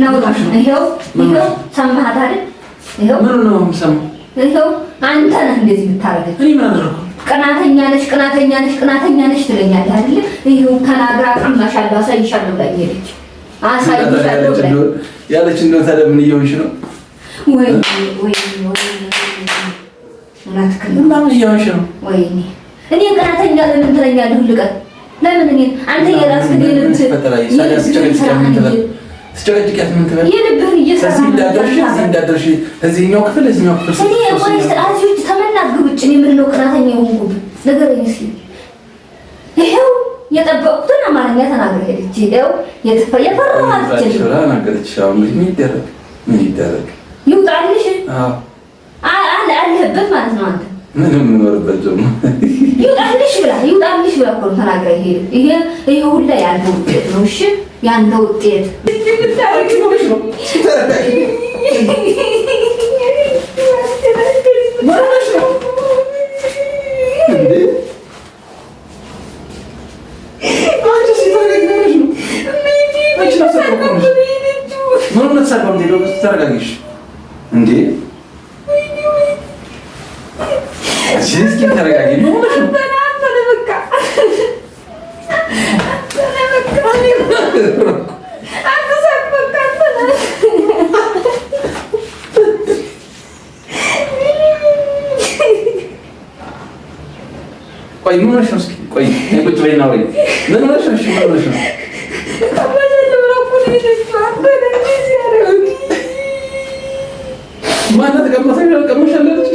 ነው አንተ ነህ እንደዚህ የምታረገች። እኔ ቅናተኛ ነሽ፣ ቅናተኛ ነሽ፣ ቅናተኛ ነሽ ትለኛለህ አይደል? ይሄው ተናግራ ቀማሻለሁ፣ አሳይሻለሁ ብላኝ ሄደች። ያለች እንደው ታዲያ ምን እየሆንሽ ነው? እኔ ቅናተኛ ለምን ትለኛለህ? ልቀን ለምን እኔ አንተ የራስህ ግዴለብት ስጨቀጭቀት ምን ትበል? እየሰራ እንዳደርሽ እዚህ እንዳደርሽ እዚህኛው ክፍል እዚህኛው ክፍል እኔ ወይስ አዚሁት ተመናግሩጭ እኔ ምን ነው ቅናተኛ የሆንኩት ነገር እስኪ ይሄው የጠበቁትን አማርኛ ተናገረች። ይሄው የጥፋ የፈራሃት ይችላል ተናገረች። አሁን ምን ይደረግ ምን ይደረግ ይውጣልሽ። አዎ አለ አለህበት ማለት ነው አንተ ምንም ምኖርበት ጀሞ ይውጣልሽ ብላ ይውጣልሽ ብላ እኮ ተናገረ። ይሄ ይሄ ይሄ ሁላ ያንተ ውጤት ነው። እሺ ያንተ ውጤት ነው ቆይ ምን ሆነሽ ነው? እስኪ ቆይ ቁጭ በይና ወይ ምን ሆነሽ ነው? ምን ሆነሽ ነው? ማናት ቀመሰሽ? አልቀመሻለች እ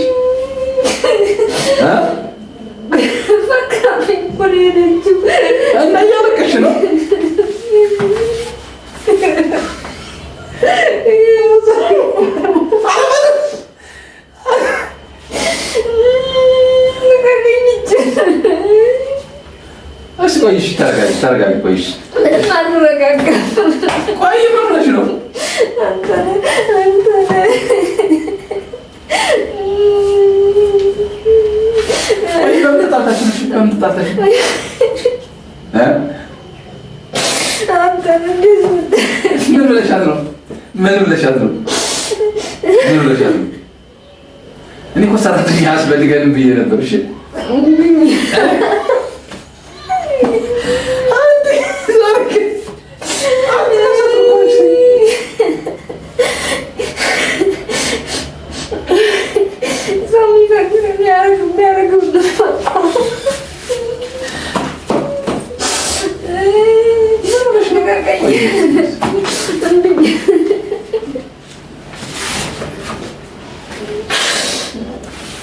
እስኪ ቆይሽ እሺ፣ ተረጋጊ ተረጋጊ። ቆይ እሺ፣ ቆይ ነው? ምን ብለሻት ነው? ምን ብለሻት ነው? ምን ብለሻት ነው? እኔ እኮ ሰራተኛ አስፈልገንም ብዬሽ ነበር። እሺ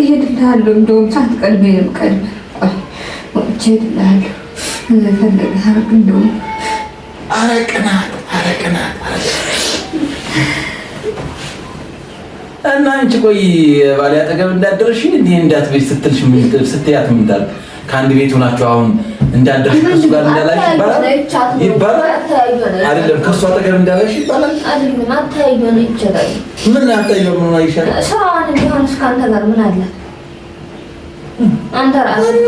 እሄድልሃለሁ። እንደውም ሳትቀድሜ ነው የምቀድመህ። ወጥቼ እሄድልሃለሁ። ፈለግህ እንደውም ኧረ ቅናት፣ እና አንቺ ቆይ ባሌ አጠገብ እንዳደረሽ እንዲህ እንዳትቤት ስትልሽ ስትያት ምንታል ከአንድ ቤት ሆናችሁ አሁን እንዳደርሽ ከሱ ጋር እንዳላሽ ይባላል ይባላል። አይደለም ከሱ አጠገብ እንዳላሽ ይባላል። አይደለም አታዩን ምን አታዩን አይሻል ሰዋን ቢሆን እስካንተ ጋር ምን አለ እኮ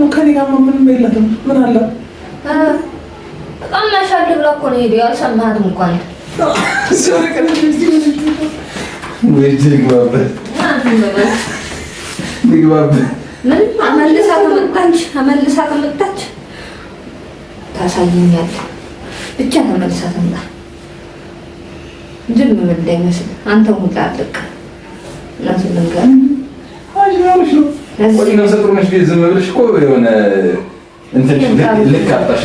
ነው። ከኔ ጋር ምንም የለትም። ምን አለ በጣም ብላ እኮ ነው ሄደው ያልሰማህትም እኮ አንተ ምን አመልሳ ተመጣች አመልሳ ተመጣች ታሳየኛለህ። ብቻ ተመልሳ ተመጣ ዝም ምን እንዳይመስል አንተ ሁላ አለቀ ለዚህ ነገር ዝም ብለሽ እኮ የሆነ እንትን ልክ አጣሽ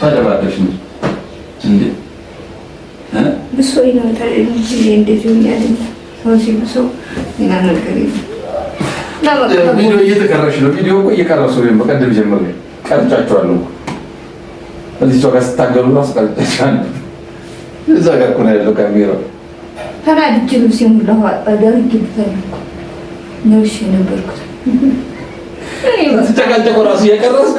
ታደባለሽ ነው እንዴ? ብሶ ነው ታዲያ እንደዚህ ያለኝ ነገር ቪዲዮ እየተቀረሽ ነው። ቪዲዮ እኮ እየቀረሱ ነው። በቀደም ጀምሬ ቀርጫቸዋለሁ። እዚህ ሰው ጋር ስታገሉ ራሱ ቀርጫቸዋለሁ። እዛ ጋር እኮ ነው ያለው ካሜራው። ተናድጄ ልብሴ ሙላ ነበርኩት። ስትጨቃጨቁ ራሱ እየቀረስኩ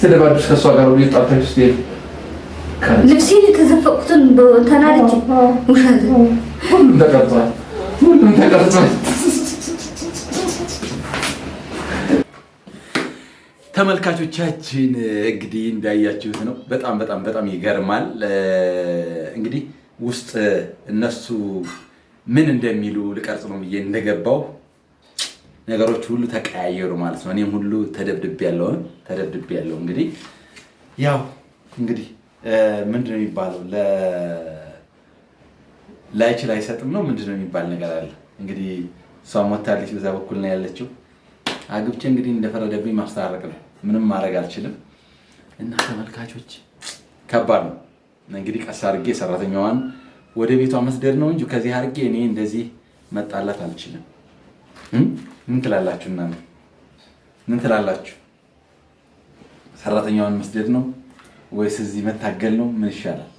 ተደባደብሽ ከእሷ ጋር ሁሉ የጣጣሽ ስትይ ልብሴን የተዘፈቁትን ተናድጄ ውሸት ሁሉም ተቀርጿል፣ ሁሉም ተቀርጿል። ተመልካቾቻችን እንግዲህ እንዳያችሁት ነው። በጣም በጣም በጣም ይገርማል። እንግዲህ ውስጥ እነሱ ምን እንደሚሉ ልቀርጽ ነው ብዬ እንደገባው ነገሮች ሁሉ ተቀያየሩ ማለት ነው። እኔም ሁሉ ተደብድብ ያለውን ተደብድብ ያለው እንግዲህ ያው እንግዲህ ምንድነው የሚባለው ላይችል አይሰጥም ነው ምንድነው የሚባል ነገር አለ። እንግዲህ እሷም ሞታለች፣ በዛ በኩል ነው ያለችው። አግብቼ እንግዲህ እንደፈረደብኝ ማስታረቅ ነው፣ ምንም ማድረግ አልችልም። እና ተመልካቾች ከባድ ነው እንግዲህ ቀስ አድርጌ ሰራተኛዋን ወደ ቤቷ መስደድ ነው እንጂ ከዚህ አድርጌ እኔ እንደዚህ መጣላት አልችልም። ምን ትላላችሁ እናንተ? ምን ትላላችሁ? ሰራተኛውን መስደድ ነው ወይስ እዚህ መታገል ነው? ምን ይሻላል?